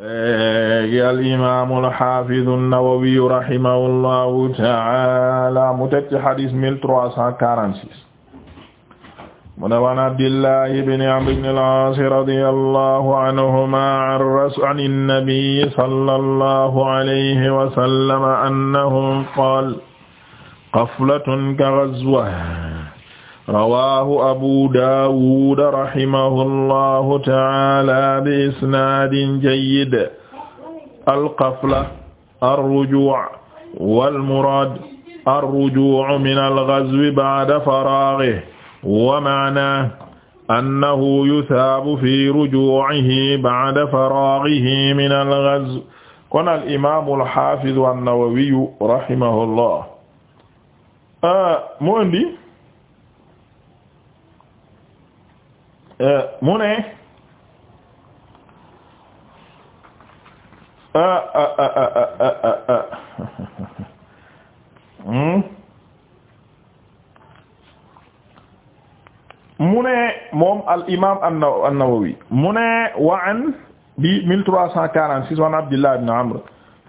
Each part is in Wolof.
gi al imaamu alxafidu nnawawiyu rahimahullahu taala mu teg ci xadis mille trois cent quarante-six mu ne wan abdillahi bni amr bni al-aas radi allahu anhuma an annabiyi sala allahu alayhi wasallama annahum qaal qaflatun ka ghazwa rawaahu abu daawud rahimahullahu ta'ala bi isnaadin jayyid alqafla arrujuu' wal muraad arrujuu' min alghazwi ba'da faraagihi wa ma'naahu annahu yusaabu fi rujuu'ihi ba'da faraagihi min alghazwi kon al imaamu al haafiz an-nawawi rahimahullah ah, mu indi Euh, mu ne euh, euh, hmm? mu ne moom al imaam an-Nawawi mu ne wa an bi mille trois cent quarante-six wan Abdullah ibn Amr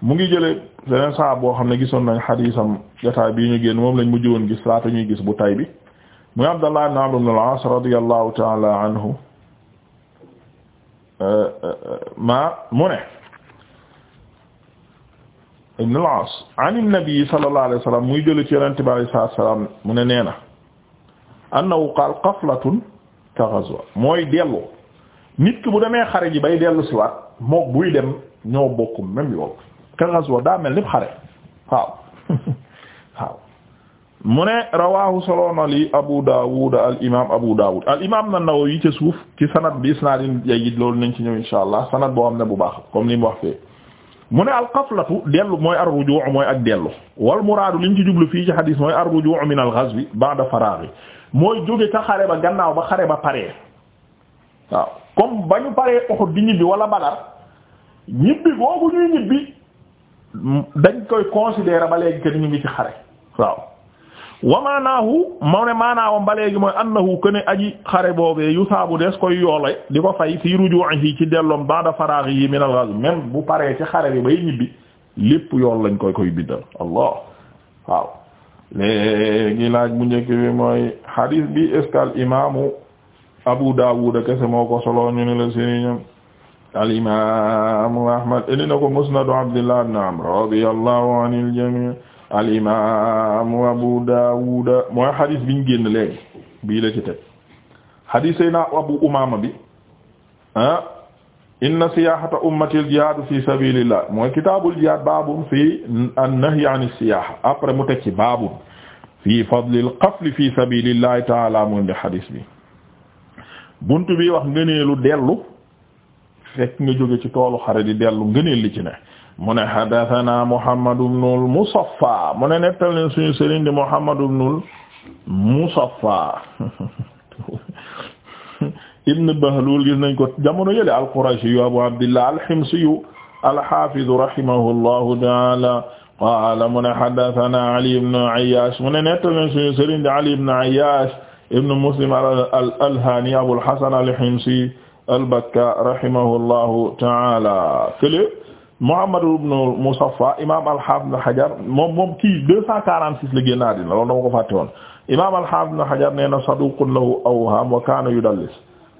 mu ngi jële beneen saa boo xam ne gisoon nañ xadiisam jotaay bi ñu génn moom lañ mujj woon gis laata ñuy gis bu tay bi muy Abdallah ibn Amr ibn al-As radiyallahu ta'ala anhu ma mu ne ibn al-As an an-nabi sallallahu alayhi wa sallam muy jële ci yonente bi alayhi salaatu wa salaam mu ne nee na annahu qaal qaflatun ka ghazwa mooy dellu nit ki bu demee xare ji bay dellu si waat mook buy dem ñoo bokkum même yoon ka ghazwa daa mel ni xare waaw waaw mu ne rawahu soloona li Abu Dawud al imam Abu Dawud al na an-Nawawi ca suuf ci sanad bi isnaadin jayyid loolu nañ ci ñëw insha allah sanad boo am ne bu baax comme li mu wax fee mu ne al-qaflatu dellu mooy ar-ruju' mooy ak dellu wal muraadu liñ ci jublu fii ci xadis mooy ar-ruju' min al-ghazwi ba'da faraaghi mooy jóge ca xare ba gannaaw ba xare ba paree waaw comme ba ñu paree Uhud di ñibbi wala Badar ñibbi boobu ñuy ñibbi dañ koy considérer ñu ngi ci xare waaw wa maanaahu moo ne maanaawam ba léegi mooy annahu kuene aji xare boobee yu saabu des koy yoole di ko fay fii ruju'ihi ci delloom ba'da faraghihi min al-ghazw bu paree ci xare bi bay ñibbi lépp yool lañ koy koy biddal allah waaw léegi laaj bu njëkk bi mooy hadith bi est-ce que al Abu Dawud kese moo ko solo la sëriñam al Ahmad indi na ko musnadu Abdullah ibn Amr radiyallahu anil jami' al imaamu Abu Daawud mooy xadis biñ génn léegi bii la ci teg xadis Seydina Abu Umaama bi ah inna siyaahata ummatil fi sabiilillah mooy kitaabul jihaad baabun fii an-nahyi an as-siyaaha après mu teg ci baabun fii fadlil qafli fi sabiilillahi ta'aala mu indi xadis bi buntu bi wax ngëneelu dellu fekk nga jóge ci toolu xare di dellu ngëneel li ci ne. mu ne hadathana Muhammad ibn al-Musaffa mu ne nettal leen suñu sëriñ di Muhammad ibn al-Musaffa ibn Bahlul gis nañ ko jamono yële al-Qurashi yu Abu Abdillah al-Himsi yu al-Hafiz rahimahullahu ta'ala qala mu ne hadathana Ali ibn Ayyash mu ne nettal leen suñu sëriñ di Ali ibn Ayyash ibn Muslim al-Alhani Abul Hasan al-Himsi al-Bakka rahimahullahu ta'ala Muhammad ibn Musaffa imaam al-Hafiz Hajar moom moom kii 246 la génn àddina loolu dama ko fàtte woon imaam al-Hafiz Hajar nee na saduqun lahu awham wa kaana yudallis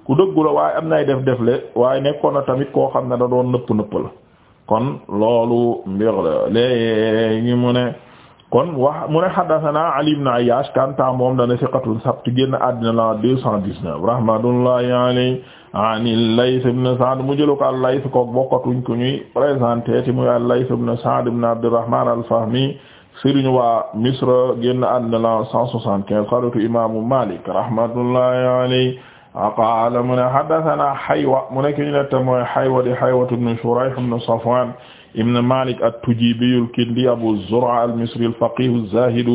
ku dëggu la waaye am nay def defle waaye nekkoon na tamit koo xam ne da doon nëpp nëpp la kon loolu mbir la léegi mu ne kon wax mu ne haddathana Ali ibn Ayyash kanta moom dana siqatun sabt génn àddina la 219 rahmatullahi alayhi anil Layth ibn Sa'd mu jëlu ko al-Layth ko bokkatuñ ko ñuy présenté ti muy al-Layth ibn Sa'd ibn Abdurrahman al-Fahmi sëriñ waa Misra génn àddina la 175 xaritu imaamu Malik rahmatullahi alayhi qaala mu ne haddathana Haywa mu nekk ñu nette mooy Haywa di Haywa ibn Shurayh ibn Safwan ibn Malik at-Tujibi al-Kindi Abu Zur'a al-Misri al-faqih az-zahid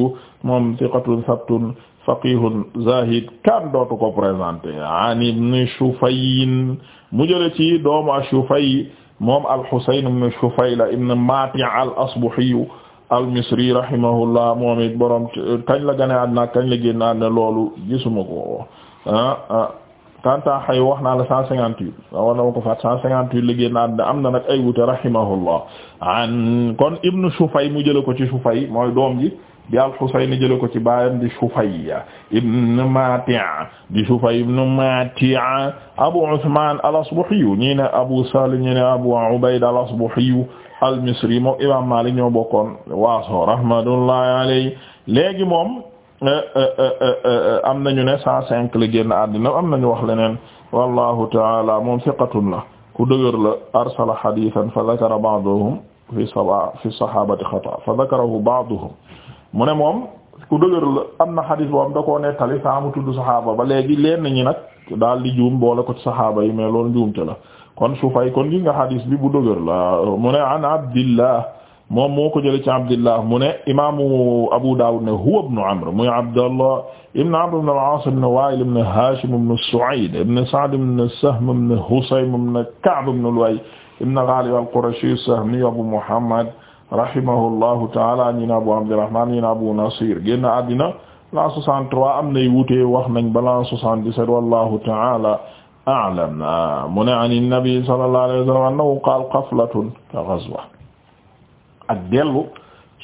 moom thiqatun thabtun faqihun zahid kan dootu ko présenté an ibn Shufay mu jële ci doomu Shufay moom al-Husayn ibn Shufayla ibn Mati' al-Asbahi al-Misri rahimahullah moom it borom kañ la gane àddina kañ la génn gisuma ko ah, ah wax naa la cent cinquante-huit wax na ma ko faat na nag ay wute rahimahullah kon ibn Shufay mu jële ko ci Shufay mooy doom ji di al-Husayn jële ko ci baayam di Shufay ibn Mati' di Shufay ibn Mati' Abu Usman al-Asbahi ñi ne Abu Salim ñi ne Abu Ubayd al-Asbahi al-Misri moom Imam Malik ñoo bokkoon waaso rahmatullahi alayhi léegi moom eh, eh, eh, am nañu ne cent cinq la génn àddina am nañu wax leneen wallahu ta'ala moom thiqatun la ku dëgër la arsala hadithan fa dhakara ba'dahum fi sahabati xata fa dhakarahu ba'dahum mu ne moom ku dëgër la am na xadis boo am da koo nettali saa mu tudd saxaaba ba léegi leen ñi nag daal di jum boole ko ci saxaaba yi mais loolu juumte la kon sufay kon gi nga xadis bi bu dëgër la mu ne an abdillah moom moo ko jële ci abdillah mu ne imaamu abu dawud ne huwa ibnu amr muy abdallah ibnu amr ibnu al-aas ibnu waa'il ibnu haashim ibnu su'ayd ibnu sa'd ibnu sahm ibnu husaym ibnu ka'b ibnu lu'ay ibnu ghalib al-qurashi sahmi abu muhammad rahimahullahu taala ñi abu abdurrahman ñi abu nasir génn àddina la 63 am nay wuute wax nañ bala 77 wallahu taala a'lam mu ne an nabi sallallahu qaal qaflatun ka ghazwa ak dellu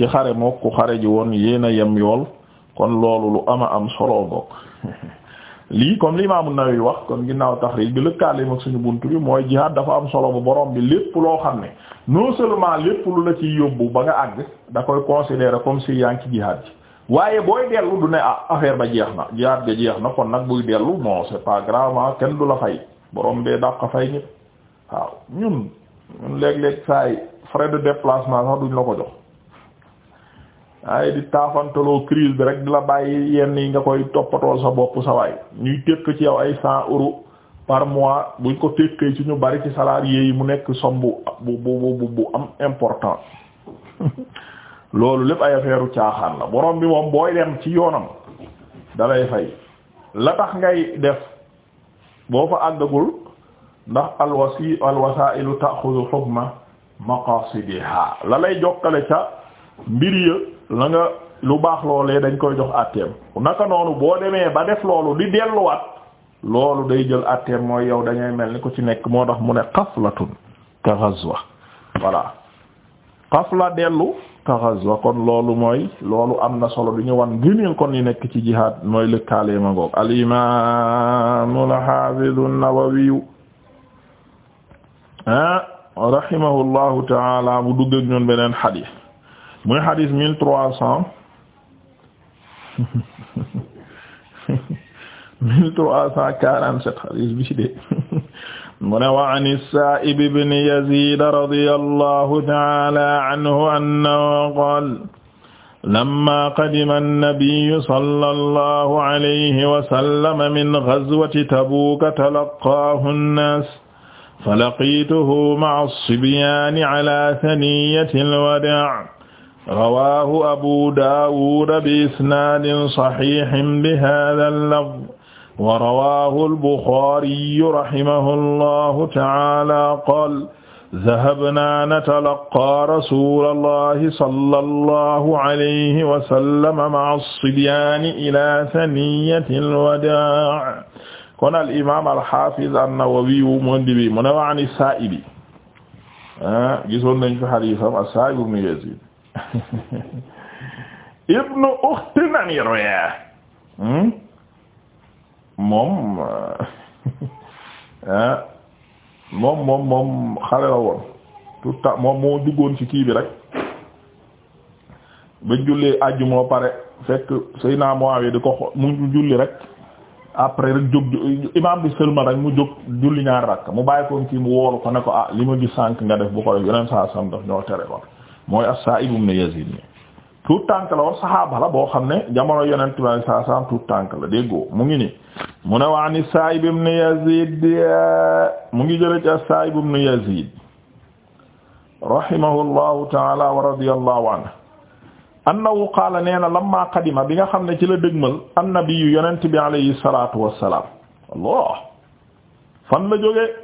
ci xare moo ku xare ji woon yéena yem kon loolu lu ama am solo lii comme li Imaam An-Nawawi wax kon ginnaaw tax taxriij bi lëkkaaleem ak suñu bunt bi mooy jihaad dafa am solo bu borom bi lépp loo xam ne non seulement lépp lu la ciy yóbbu ba nga àgg da koy considérer comme si yaa ngi ji waaye booy dellu du ne ah affaire ba jeex na jihaad ga jeex na kon nag buy dellu moo c'est pas grave ah kenn du la fay boroom bee dàq fay ñëpp waaw ñun ñun léeg-léeg saay frais de déplacement sax duñ la ko jox. waaye di taafantaloo crise bi rek di la bàyyi yenn yi nga koy toppatool sa bopp sa waay ñuy tekk ci yow ay cent euros par mois buñ ko tekkee ci ñu bari ci salarié yi mu nekk somme bu bu bu bu am important loolu lépp ay affaire caaxaan la borom bi moom booy dem ci yoonam dalay fay la tax ngay def boo fa àggagul ndax alwasi alwasailu ta'khudhu hukma maqasidiha la lay jokkale ca mbir ya la lu baax loolee dañ koy jox àtteem naka noonu boo demee ba def loolu di delluwaat loolu day jël àtteem mooy yow dangay mel ni ko ci nekk moo tax mu ne xaflatun ka ghazwa voilà xafla dellu ka kon loolu mooy loolu am na solo du ñu wan gëneel kon yi nekk ci jihaad mooy lëkkaale ma ngoog al imaamul xaafizu nawawiyu ah rahimahullahu taala mu dugg ak ñun beneen xadiis muy xadis mille trois cent mille trois cent quarante-sept xadis bi de mu ne wa an as-Sa'ib ibn Yazid radiyallahu ta'ala anhu annahu qala lamma qadima an-nabiyyu sallallahu alayhi wa sallam min ghazwati Tabuka talaqqahu an-nas fa laqituhu ma'a as-sibyan ala thaniyatil wada' rawaahu abu daawuda bi isnaadin saxiixin bi haadal lafz wa rawaahu al-buxaariyu rahimahullahu ta'aala qaala dahabnaa natalaqaa rasuulallaahi sallallahu alayhi wa sallam ma'a as-sibyaani ilaa saniyatil wadaa' kon al imaam al haafiz an-nawawi mu indi bi mu ne wa an as-saa'ib ah, gisoon nañ ko hadiisam as-saa'ib ibn yaziid ibnu ukhti namir hmm? moom ah, moom moom moom xale la woon tout temps moom moo duggoon ci kii bi rek ba jullee àjju moo pare fekk sëy naa moo awee di ko mu julli rek après rek jóg imaam bi sëlman rek mu jóg julli ñaari rakk mu bàyyi koon kii mu woolu ko ne ko ah li ma gis sànk nga def bu ko def yeneen saa sam daf ñoo tere kon mooy as-Sa'ib ibn Yazid ni tuut tànk la woon saxaaba la boo xam ne jamono yonent a alayhi salaatu salaam tànk la déggoo mu ngi ni mu ne waa ni Sa'ib ibn Yazid mu ngi jële ci as-Sa'ib ibn Yazid rahimahullahu ta'ala wa radiyallahu anhu annahu qaala nee na lamma qadima bi nga xam ne ci la dëgmal annabi yonent bi alayhi salaatu wassalaam Allah fan la jóge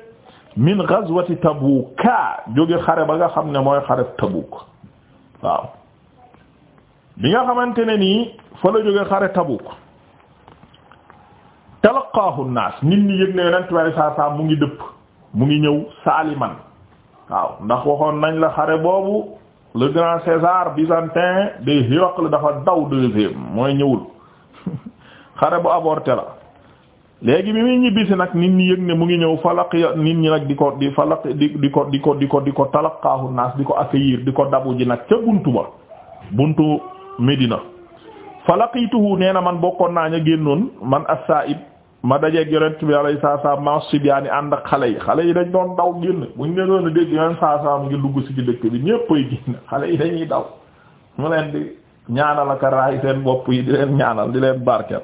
min ghazwati tabuka jóge xare ba nga xam ne mooy xare tabuk waaw bi nga xamante ne nii fa la jóge xare tabuk talaqaahu naas nit ñi yëg ne yonent bari saa saa mu ngi dëpp mu ngi ñëw sa saaliman waaw ndax waxoon nañ la xare boobu le grand César byzantin de Hirocle dafa daw deuxième mooy ñëwul xare bu avorté la léegi bi muy ñibbisi nag nit ñi yëg ne mu ngi ñëw falaq ya nit ñi nag di ko di falaq di di ko di ko di ko di ko talaqaahu naas di ko ak accueillir di ko dabu ji nag ca buntu ba buntu Medina falaqituhu nee na man bokkoon naa ña génnoon man ak as-sa'ib ma dajeeg yonent bi alayhi salaam ma sibyaani ànd ak xale yi xale yi dañ doon daw génn buñ ne a dégg yonent mu ngi dugg si ci dëkk bi ñépp ay génn xale yi dañuy daw mu leen di ñaanal ak raay seen bopp yi di leen di leen barkeel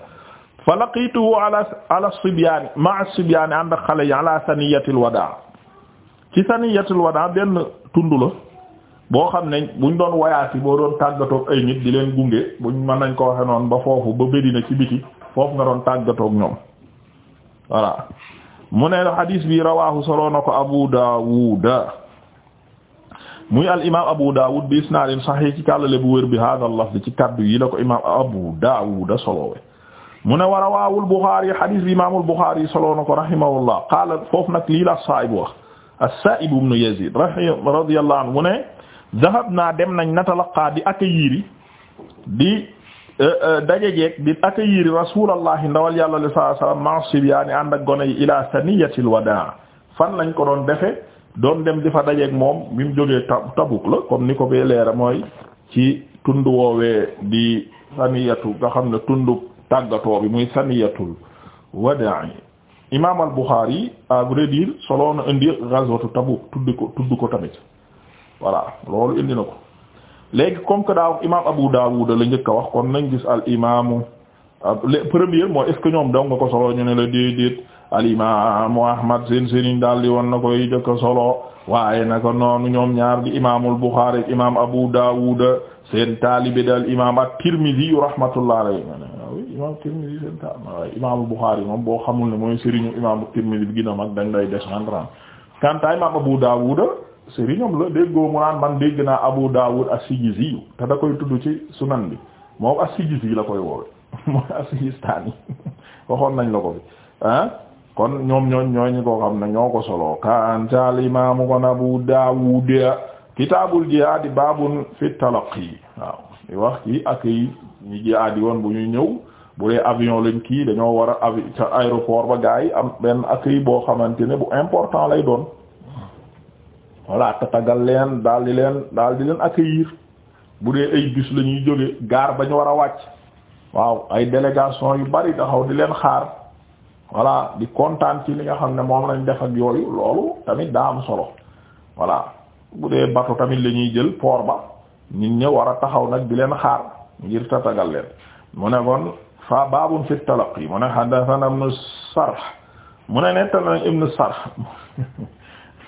fa laqiituhu ala ala sibyaani sibyaani ànd ak xale yi ala saniyatil wadaa ci saniyatil wadaa benn tund la boo xam ne buñ doon wayaas yi boo doon tàggatoog ay nit di leen gunge buñ mën nañ ko waxe noonu ba foofu ba Medina ci biti foofu nga doon tàggatoog ñoom voilà mu ne xadiis bi rawaahu soloo na ko Abu Daawuda muy al imaam Abu Daawud bi isnaadin saxiix ci kàllale bu wér bi hada lafz ci kàddu yi la ko imaam Abu Daawuda soloowe mu ne war a waawul Buxaari xadis bi imaamul Buxaari soloo na ko rahimahullah qaala foofu nag lii la Saa'ib wax as-Saa'ib ibn Yaziid radiyallahu anhu mu ne dahabnaa dem nañ natalaqaa di accueillir eh, di eh, dajejeeg di accueillir Rasuulullahi ndawal yàlla sallallahu alayhi wa sallam ma ak gone yi ilaa saniyatil wadaa fan lañ ko doon defe doon dem di fa dajeeg moom bi mu jógee Tabuk la comme ni ko bee leera mooy ci tund woowee di saniyatu nga xam ne tundub tàggatoo bi muy saniyatul wada'i imam al-Bukhari à vrai dire solo na indi ghazwatu Tabuk tudd ko tamit voilà loolu indi ko léegi comme que daaw imam Abu Dawud la njëkk wax kon nañ al imamu le premier mooy est-ce que ñoom daw al imaamu Ahmad seen sëriñ daal di woon koy njëkk a solo waaye naka noonu ñoom ñaar di imamul Bukhari imam Abu Dawud seen taalibe daal imam at-Tirmidhi rahmatullah alayhi imam Tirmidhi seen ta moom boo xamul ne mooy sëriñu imaamu Tirmidhi bi gën a mag dañ lay descendre kanta imam Abu Dawud sëriñam la déggoo mu naan man dégg naa Abu Dawud as-Sijizi te da koy tudd ci sunan bi moom as-Sijizi la koy woowe mooy as-Sijistani waxoon nañ la ko bi ah kon ñoom ñooñ ñooñu ko xam ne ñoo ko solo kanta imaamu kon Abu Dawud kitaabul jihaad babun fi talaqi waaw di wax ci ak yi ñi jihaad yi woon bu ñuy ñëw bu dee avion lañ kii dañoo war a avi ca aéroport ba gars yi am benn accueil boo xamante ne bu important lay doon voilà tatagal leen daal di leen daal di leen accueillir bu dee ay bus la ñuy jóge gaar ba ñu war a wàcc waaw ay délégation yu bari taxaw di leen xaar voilà di kontaan ci li nga xam ne moom lañ def ak yooyu loolu tamit daa am solo voilà bu dee bato tamit la ñuy jël port ba nit ñi war a taxaw nag di leen xaar ngir tatagal leen mu ne fa baabun fi yi mu ne haddathana ibnu Sarh mu ne nettali ibnu Sarh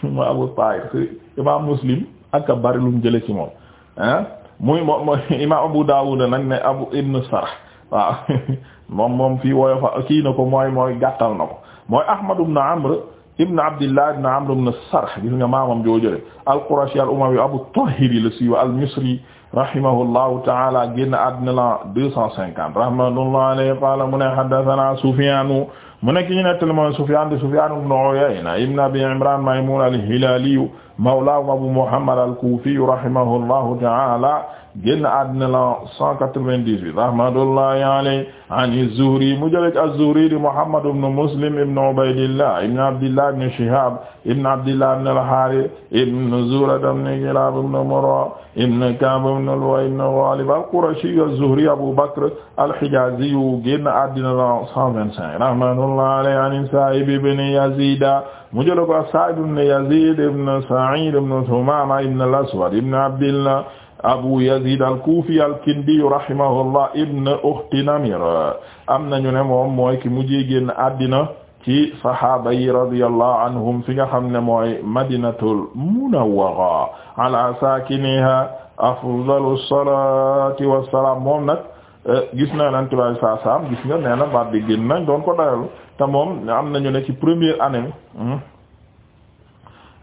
mu Abu Tahir imaam Muslim ak bari lu mu jëlee ci moom ah muy moom mooy imaam Abu Dawud nag ne Abu ibnu Sarh waaw moom moom fii wooyo fa kii na ko mooy mooy gàttal na ko mooy Ahmad ibnu Amr ibn abdillah ibn amr ibn sarh gis nga maamam joojële al-qurashi al-umawi abu tahir la siiwa al-misri rahimahullahu taala génn àddina la deux cent cinquante rahmatullah alayhi qala mu ne haddathana sufyanu mu nekk ñu nettali mooy sufyan di sufyan ibn uyayna ibn abi imran maymun al-hilali mawla abu muhammad al-kufi rahimahullahu taala génn àddina la 198 rahmatullahi alayhi an az-Zuhri mu jëlej az-Zuhri di Muhammad ibn Muslim ibn Ubaydillah ibn Abdillah ibn Shihab ibn Abdillah ibn al-Harith ibn Zur'a ibn Kilab ibn Murra ibn Ka'b ibn Lu'ay ibn Ghalib al-Qurashi az-Zuhri Abu Bakr al-Hijazi génn àddina la 125 rahmatullahi alayhi an Sa'ib ibn Yazid mu jële ko Sa'ib ibn Yazid ibn Sa'id ibn Thumama ibn al-Aswad ibn Abdillah abu yazid al-kufi al ibn ukhti namir am nañu ne moom mooy ki mujjee génn àddina ci sahaaba yi radiyallahu fi nga xam ne mooy madinatul munawwara ala saakiniha afdalu salati wassalam moom nag eh, gis na yonent bi saa saam gis na baat bi génn nañ doon ko dayal moom am nañu ne ci première année hmm,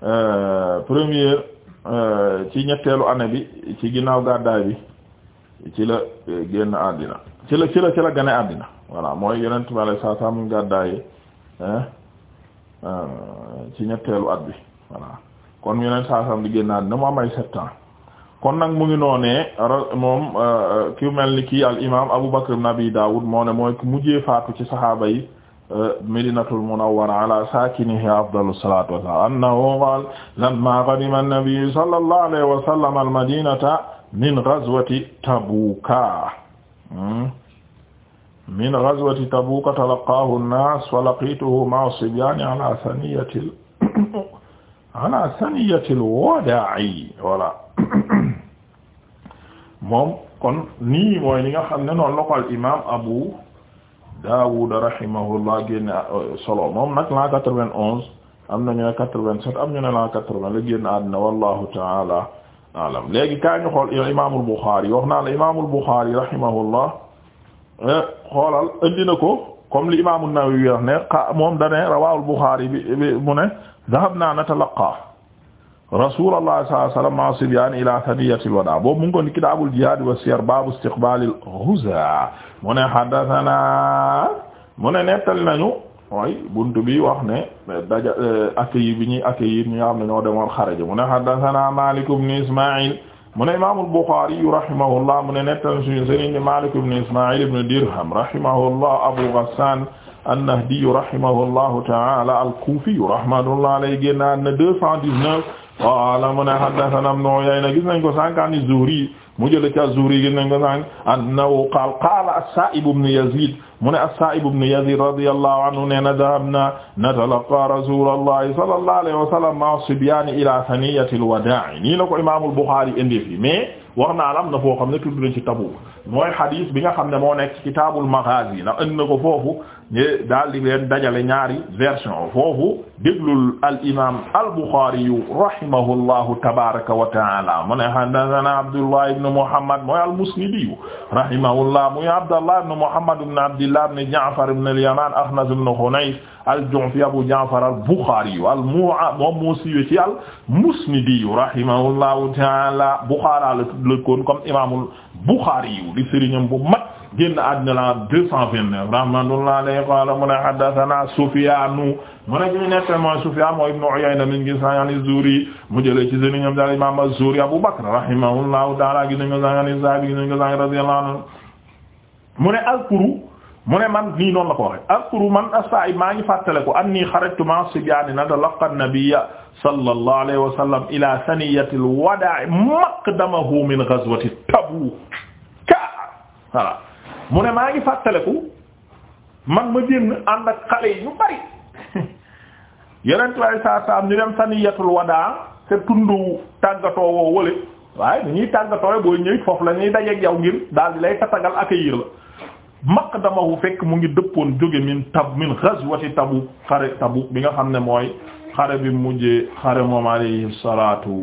eh, Euh, ci ñetteelu année bi ci ginnaaw gàddaay bi ci la euh, génn àddina ci la ci la gane àddina voilà mooy yonent bi alayhi salaatu salaam gàddaay euh, ci ñetteelu at bi voilà kon yonent saa salaam di génn àddina mu am ay kon nag mu ngi noonee moom ki mel ni kii al imaam Abu Bakr ibn Abi Dawud moo ne mooy ku mujjee faatu ci saxaaba yi. Madinatul Munawwara ala saakinihaa afdalu salaatu wa salaam annahu qaala lammaa qadima an-nabiyyu sallallahu alayhi wa sallam al-madiinata min ghazwati Tabuuka min ghazwati Tabuuka talaqqaahu an-naas wa laqiituhu ma'a as-sibyaani ala saniyatil ala saniyatil wadaa'i voilà moom kon nii mooy li nga xam ne noonu la ko al imaam Abu Daawud rahimahullah génne euh, solo moom nag la 91 am nañu ne am ñu ne la 80 la génn àddina wallahu la a'lam léegi kaa ñu xool imaamul Buxaari wax naa la imaamul Buxaari rahimahullah eh, xoolal indi na ko comme li imaamu Nawawi wax ne moom da ne rawaahul Buxaari bi mu ne dhahabna natalaqqa rasulullah sallallahu alayhi wa sallam ma sibyan ila thaniyatil wada boobu mu ngi ko ni kitaabul jihaad wa siyar baabu istiqbalil ghuza mu ne haddathana mu ne nettali nañu mooy buntu bi wax ne eh, daja eh, accueil bi ñuy accueillir ñi nga xam ne ñoo demoon xare ji mu ne haddathana Malik ibn Isma'il mu ne imam al-Bukhari rahimahullah mu ne nettali suñu sëriñ Malik ibn Isma'il ibn Dirham rahimahullah Abu Ghassan an-Nahdi rahimahullahu ta'ala al-Kufi rahmatullahi alayhi génn na 219 qaala mu ne haddathana Ibn Uyayna gis nañ ko sànq an Zuhri mu jëlee ca Zuhri gis nañ ko sànq annahu qaala qaala as-Saa'ib ibn Yaziid mu ne as-Sa'ib ibn Yazid radiyallahu anhu ne na dahabna natalaqa rasulallahi sallallahu alayhi wa sallam ma'a sibyaani ila saniyati al-wadaa' nii la ko imaamul Bukhari indi fi mais wax naa la am na foo xam ne tudd na ci Tabuk mooy hadith bi nga xam ne moo nekk ci kitaabul maghaazi la indi na ko foofu daal di leen dajale ñaari version foofu déglul al imaam al Bukhari rahimahullahu tabaaraka wa ta'aala mu ne haddathana Abdullah ibn Muhammad mooy al-Musnidi rahimahullah muy Abdullah ibn Muhammad ibn Abd abdillah ibn Ja'far ibn al-Yaman Akhnas ibn Khunays al-Ju'fi Abu Ja'far al-Bukhari al-Mu'a moom moo siiwee ci al-Musnidi rahimahullahu ta'ala Bukhara la lëkkoon comme imaamul Bukhari yu di sëriñam bu mag génn àddina la 229 rahmatullahi alayhi qala mu ne haddathana Sufyanu mu ne ñu nekk mooy Sufyan mooy ibn Uyayna min ngi sangani Zuhri mu jëlee ci sëriñam daal imam az-Zuhri Abu Bakr rahimahullahu ta'ala gis nañ ko sangani Zahabi gis nañ ko sangani radiyallahu anhu mu ne alpuru mu ne man nii noonu la ko waxe askuru man as-sa'ib maa ngi fàttale ko anni xarajtu ma sibyaani natalaqa an-nabiyya sallallahu alayhi wa sallam ila saniyati al-wadaa' maqdamahu min ghazwati Tabuuk voilà mu ne maa ngi fàttaleku man ma génn ànd ak xale yi ñu bari yenent way saa saam ñu dem saniyatul wadaa te tundu tàggatoo woo wële waaye ni ñuy booy ñëw foofu la ñuy dajeek yow ngir daal di lay tatagal accueillir la maqdamahu fekk mu ngi dëppoon jóge min tab min ghazwati tabu xare tabu bi nga xam ne mooy xare bi mujjee xare moom alayhi salaatu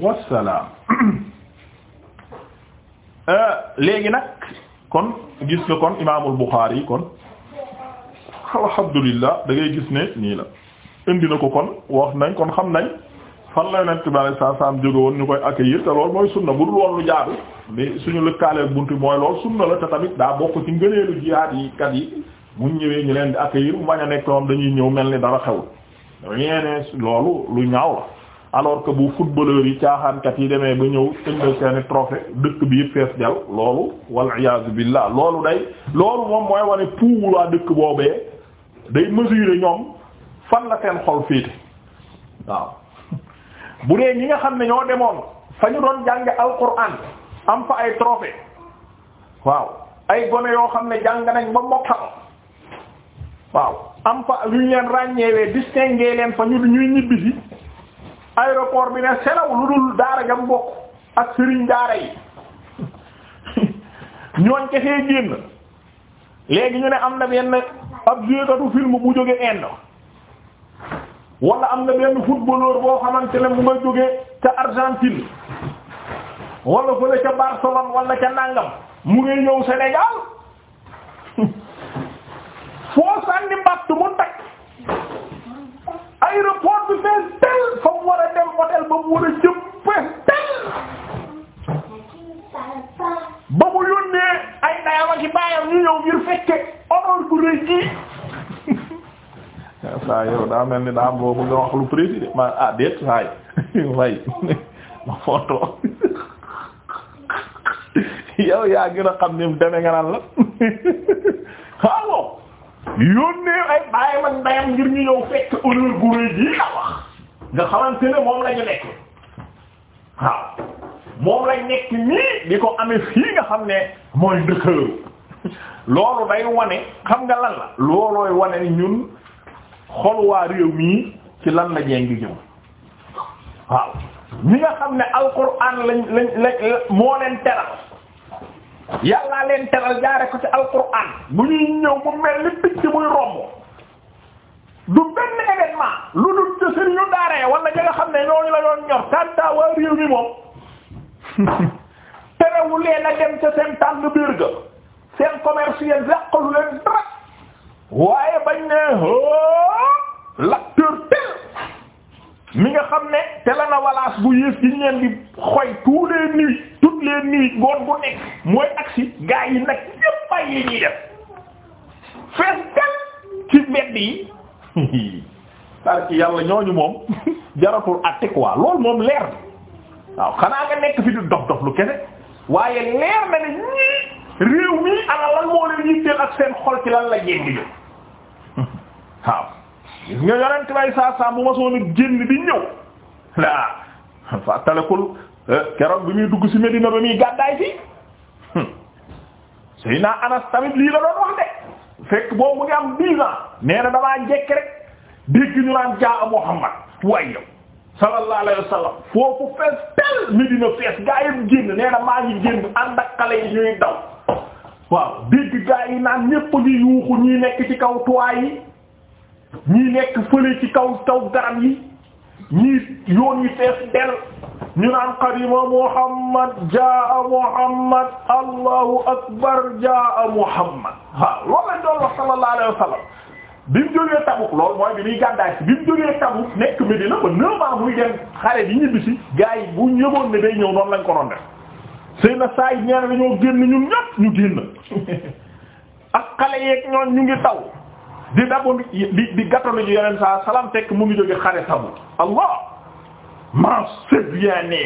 wassalaam euh, léegi nag kon gis nga kon imaamul Buxaari kon alhamdulillah da ngay gis ne nii la indi na ko kon wax nañ kon xam nañ fan la yonent bi sallallahu alayhi wasallam jóge woon ñu koy accueillir te loolu mooy sunna bu dul woon lu mi suñu lëkkaaleeg buntu mooy lool sunna la te tamit daa bokk ci ngëneelu jihaad yi kat yi buñ ñëwee ñu leen di accueillir mu bañ a nekk moom dañuy ñëw mel ni dara xewul ñeene loolu lu ñaaw la alors que bu footballeurs yi caaxaankat yi demee ba ñëw ënd seeni trophée dëkk bi yëpp fees del loolu wal iyaazu billah loolu day loolu moom mooy wane puugu waa dëkk boobee day mesurer ñoom fan la seen xol féete waaw bu dee ñi nga xam ne ñoo demoon fa ñu doon jànge am fa ay trophée waaw ay gone yoo xam ne jàng nañ ba mokkal waaw am fa lu leen ràññeewee distingué leen fa ñu ñuy ñibbisi aéroport bi ne selaw lu dul daara jam bokk ak sëriñ daara yi ñooñ kesee génn léegi ñu ne am na benn ab jéegatu film bu jóge Inde wala am na benn footballeur boo xamante ne mu nga jóge ca Argentine wala fële ca Barcelone wala ca Nangam mu ngi ñëw Sénégal foo sànni mbatt mu takk aéroport bi fees tel fa ba mu war a ba mu yónnee ay ndayam ak i baayam ñu ñëw fekke honneur bu rëy gi saa yow daa mel ni daa boobu lu président ma ah déet saa way ma foto yaa gën a xam ni mu demee nga naan la waaw yónnee ay bàyyi ma ndayam ngir ñu ñëw fekk honneur gu rëy ji la wax nga xamante ne moom la ñu nekk waaw moom la nekk nii di ko amee fii nga xam ne mooy dëkkëru loolu day wane xam nga lan la loolooy wane ñun xol waa réew mii ci lan la jeng gi jëm waaw ñi nga xam ne alquran lañ lañ lañ moo leen teral yàllaa leen teral jaare ko ci alquran bu ñuy ñëw mu mel ni picc muy romb du benn événement lu dul ca sëriñu daara ya wala ña nga xam ne ñooñu la doon ñor kanta waa réew mi moom terewu leen a dem ca seen tànn biir ga seen commercial yàqalu leen dara waaye bañ ne l'acteur tel mi nga xam ne te na walaas bu yées gi ñeen di xoy tous les nuits toutes les nuits ngoon bu nekk mooy agsi gaa yi nag ñépp ay yi ñuy def fees gat ci mbedd yi tar ci yàlla ñooñu moom jaratul atte quoi loolu moom leer na waaw xanaa nga nekk fi di dof dof lu kese waaye leer na ne ñii réew mi ala lan moo leen yitteel ak seen xol ci lan la jéngi jo waaw gis nga yonent bay saa saa bu ma soon génn di ñëw laa fàttalekul eh, keroog bi muy dugg ci Medina ba muy gàddaay fii hmm. Seydina Anas tamit lii la doon wax de fekk boobu mu ngi am dix ans damaa njekk rek dégg ñu naan jaa Muhammad waaye yow sallallahu alayhi wa sallam foofu fees tel Medina fees gaa yëpp génn nee maa ngi génn ànd yi ñuy daw waaw dégg gaa yi naan ñépp ñu yuuxu ñuy nekk ci kaw toit yi ñii nekk fële ci kaw kaw garab yi ñii yoon yi fees del ñu naan qadima muhammad jaa muhammad allahu akbar jaa muhammad waaw loolu lañ doon wax sallallahu alayhi wa sallam bi mu jógee Tabuk mooy bi muy gàddaay si bi mu jógee Tabuk nekk Medina ba neuf ans muy dem xare bi ñibbi si gars yi bu ñëwoon ne day ñëw noonu lañ ko doon def sëy na saa ñaar dañoo génn ñun ñëpp ñu génn ak xale yeeg ñoon ñu ngi taw di dabu di di gàttalu ji yeneen saa salaam fekk mu ngi jóge xare tabu allah ma sibyani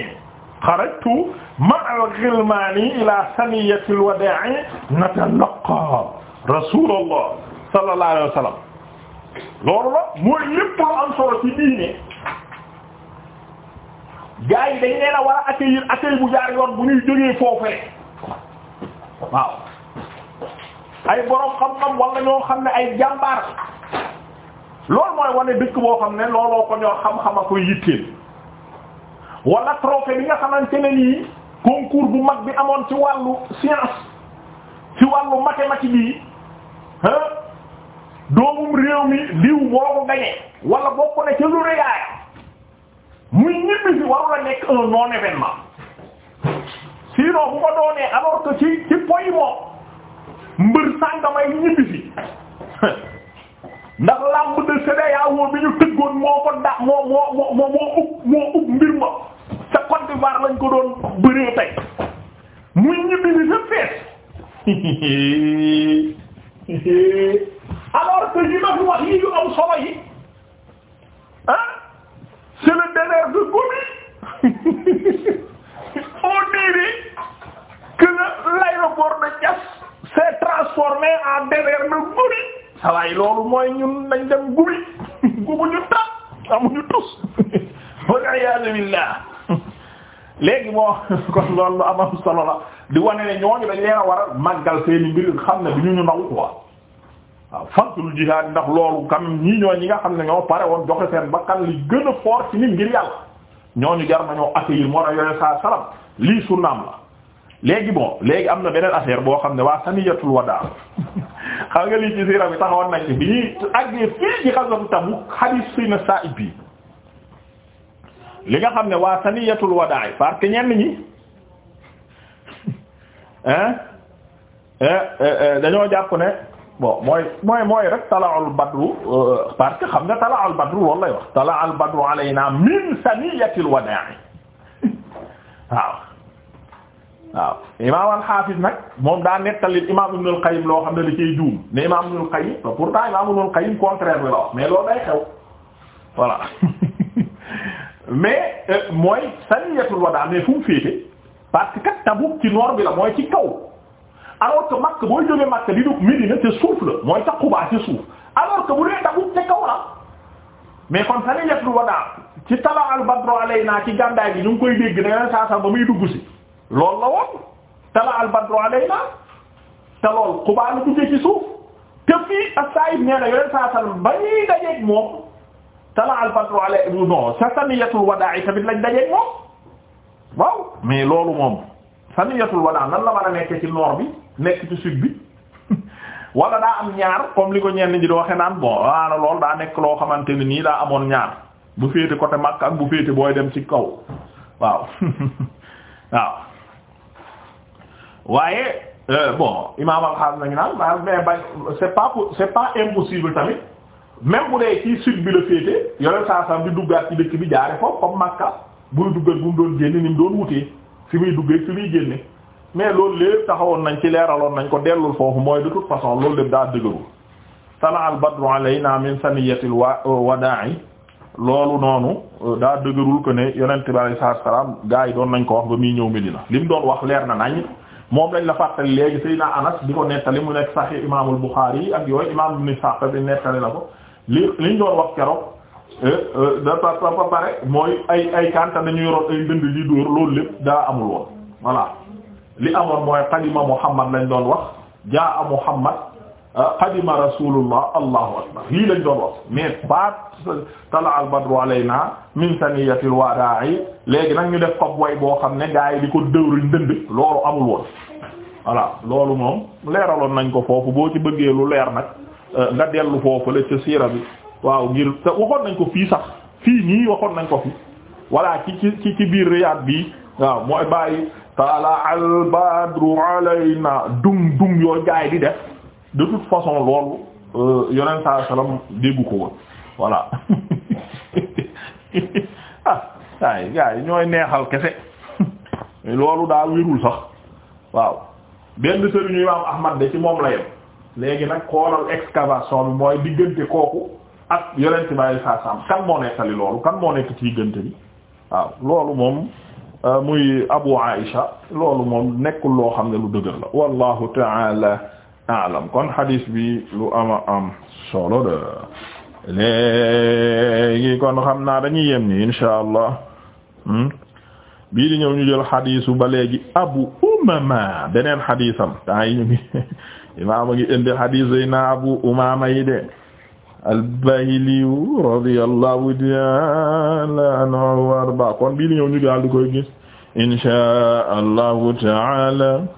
xarajtu ma'a ila saniyati alwada'i natalaqa rasulullah sallallahu alayhi wa sallam loolu la mooy lépp lu am solo ci diine gaa yi dañ a war a accueillir bu jaar yoon bu ñuy ay boroom xam-xam wala ñoo xam ne ay jàmbaar loolu mooy wane dëkk boo xam ne looloo ko ñoo xam-xama koy yitteel wala trophée bi nga xamante ne nii bu mag bi amoon ci wàllu science ci wàllu mathématique yi ah doomum réew mi diw moo ko gañee wala bokk na ci lu rëyaay muy ñibbi si waru la nekk un non événement sinon bu ko doonee alors que ci ci poy mbër sàngamay ñibbisi ndax lamb de CEDEAO bi ñu tëggoon moo ko da moo moo moo mbir ma ca Côte lañ ko doon bëree tey muy ñibbisi sa fees alors que yi na wax yi yu am solo yi ah c'est le désert de Gobi on dirait que l'aéroport de s'est transformé en désert de Gobi sawaay loolu mooy ñun nañ dem Gobi gubu ñu tat amuñu tus waliyasu billah léegi moo kon loolu lu amam solo la di wane ne ñooñu dañ leen a war a màggal seeni mbir xam na bi ñu ñu naw a waaw fardul jihaad ndax loolu quand même ñii ñoo ñi nga xam ne ñoo pare woon joxe seen bakkan li gën a fort ci nit ngir yàlla ñooñu jar nañoo accueillir moo tax yooyu saa salam lii sunnaam la léegi bon léegi am na benn affaire boo xam ne waa saniyatul wadaa xam nga lii ci siira bi taxawoon nañ ci bi ñuy àggee fii ci xasatu Tabuk hadith sina sa'ib bi li nga xam ne waa saniyatul wadaa parce que ñenn ñi hein dañoo jàpp ne bon mooy mooy mooy rek tala'ul badru euh, parce que xam nga tala'ul badru loolu lay wax tala'ul badru alayna min saniyatil wadaa waaw waaw imaam al-Hafiz nag moom daa nettali imaam Ibn al-Qayyim loo xam ne da ciy juum ne imaam Ibn al-Qayyim pourtant imaam Ibn al-Qayyim contraire bi la wax mais loolu day xew voilà mais euh, mooy sariyatul wadaa mais fu mu féete parce Tabuk ci nord bi la mooy ci kaw alors que Makka booy jógee Makka di dugg Medina ca suuf la mooy ca Quba ca suuf alors que bu dee Tabuk ca kaw la mais kon sariyatul wadaa ci tala al badru alayna ci gàndaay bi ñu koy dégg ne saa dugg lool la woon tala al badru te lool Quba la duggee ci suuf te fii as-Sa'id nee na yooyu saa sal ba ñuy dajeeg moom tala al badru alayna non sa saniyatul wadaa tamit lañ dajeeg moom waaw mais loolu moom saniyatul wadaa nan la mën a nekk ci nord bi nekk ci sud bi wala daa am ñaar comme li ko ñenn ñi di waxe naan bon waala loolu daa nekk loo xamante ne nii daa amoon ñaar bu féete côté Makka ak bu féete booy dem ci kaw waaw waaw waaye euh, bon imaam alxames nañu naan maa mais bañ c'est pas c'est pas impossible tamit même bu dee ci sud bi la féete yore saa saa di duggaat ci dëkk bi jaare foofu comme Makka buy duggaat gu mu doon génne ni mu doon wutee fi muy duggee fi muy génne mais loolu lépp taxawoon nañ ci leeraloon nañ ko dellul foofu mooy de toute façon loolu lépp daa dëgëru sana al badru alayna min saniyatil wa euh, wadaa'i loolu noonu euh, daa dëgërul ko ne yonent bi alayhi salaam gaa yi ko wax muy ñëw Medina li mu doon leer na nañ moom lañ la fàttali léegi Seydina Anas di ko nettali mu nekk Sahih Imaamul Bukhari yi ak yooy Imaam Ibn Ishaq bi nettali na ko li liñ doon wax keroog euh, euh, dafa pare mooy ay ay kanta dañuy yoroon ay dënd di dóor loolu lépp daa amul woon voilà li amoon mooy qadima Muhammad lañ doon wax jaa a Muhammad qadima rasulullah allahu akbar lii lañ doon wax mais ba tala al badru alayna min saniyatil wada'i léegi nag ñu def kob way boo xam ne gaa di ko dëwri ndënd loolu amul woon voilà loolu moom leeraloon nañ ko foofu boo ci bëggee lu leer nag euh, nga dellu foofu la ca siira bi waaw ngir te waxoon nañ ko fii sax fii nii waxoon nañ ko fi voilà ci ci ci biir Riyad bi waaw mooy bàyyi tala al badru alayna dung dung yooyu gaa di def de toute façon loolu euh, yonent saa salaam déggu ko woon ah waaye gars yi ñooy neexal kese loolu daa wérul sax waaw benn sëriñu imaam Ahmad de ci moom la yem léegi nag xoolal excavation bi mooy diggante kooku ak yonent bàyyi saa saam kan moo nekkali loolu kan moo nekk ci diggante bi waaw loolu moom euh, muy Abu Aïcha loolu moom nekkul loo xam ne lu dëgër la wallahu ta'ala a'lam kon hadis bi lu ama am solo de léegi kon xam naa dañuy yem ni insha allah hmm? bii di ñëw ñu jël hadisu ba léegi abu umama beneen hadisam temps yi ñu ngi imaama ngi abu umama yi de albahiliyu radiyallahu ta'ala anhu warda kon bii di ñëw ñu daal di koy gis insha allahu ta'ala